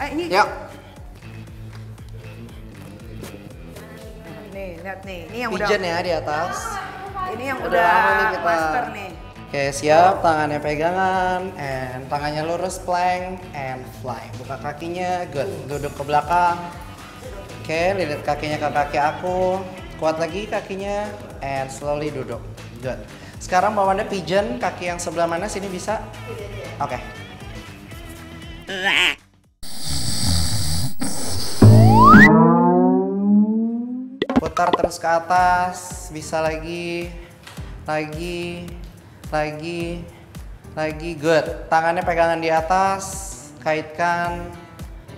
Eh ini. Yuk. Nih, lihat nih. Ini yang Pigeon udah. ya di atas. Ini yang udah, udah nih kita. master nih. Oke, siap. Tangannya pegangan, and tangannya lurus plank, and fly. Buka kakinya, good. Duduk ke belakang. Oke, lilit kakinya ke kaki aku. Kuat lagi kakinya, and slowly duduk. Good. Sekarang bawaannya pigeon, kaki yang sebelah mana sini bisa? Oke. Okay. Tekar terus ke atas, bisa lagi, lagi, lagi, lagi. Good. Tangannya pegangan di atas, kaitkan,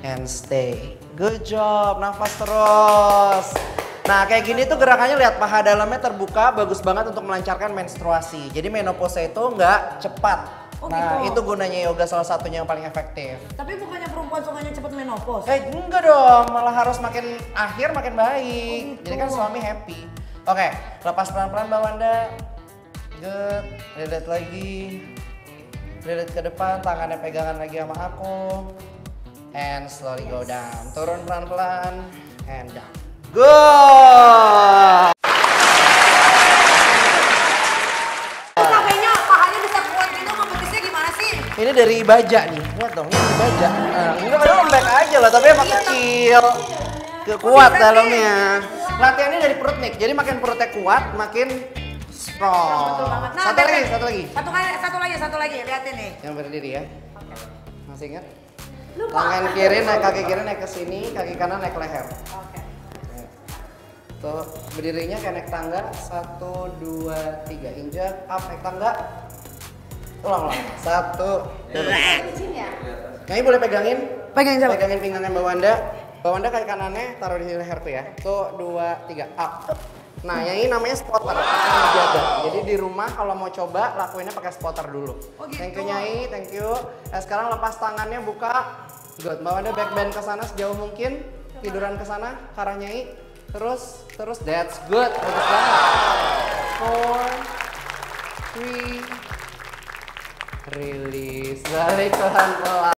and stay. Good job, nafas terus. Nah kayak gini tuh gerakannya lihat paha dalamnya terbuka, bagus banget untuk melancarkan menstruasi. Jadi menopause itu nggak cepat, Oh, nah, gitu. itu gunanya yoga salah satunya yang paling efektif. Tapi bukannya perempuan sukanya cepet menopause? Eh, enggak dong, malah harus makin akhir makin baik. Oh, gitu. Jadi kan suami happy. Oke, lepas pelan-pelan Mbak Wanda. Good, relate lagi. Relate ke depan, tangannya pegangan lagi sama aku. And slowly yes. go down. Turun pelan-pelan and down. Good. Ini dari baja nih. Lihat dong, ini dari baja. Nah, ini enggak ada lembek aja lah, tapi emang kecil. Kuat dalamnya. ini dari perut nih. Jadi makin perutnya kuat, makin strong. Nah, satu lagi, satu lagi. Satu lagi, satu lagi, satu lagi. Lihat ini. Yang berdiri ya. Masih ingat? Lupa. Tangan kiri naik kaki kiri naik ke sini, kaki kanan naik leher. Oke. Tuh, berdirinya kayak naik tangga. Satu, dua, tiga. Injak, up, naik tangga ulang ulang satu dua nah. kayaknya boleh pegangin pegangin siapa? pegangin pinggangnya bawah anda bawah anda kaki kanannya taruh di leher tuh ya satu dua tiga up Nah, yang ini namanya spotter, wow. Nah, Jadi di rumah kalau mau coba lakuinnya pakai spotter dulu. Oh, gitu. Thank you Nyai, thank you. Nah, sekarang lepas tangannya buka. Good. Bawa Anda back bend ke sana sejauh mungkin. Tiduran ke sana, karang Nyai. Terus, terus that's good. Bagus banget. Four, three, rilis dari pelan pelan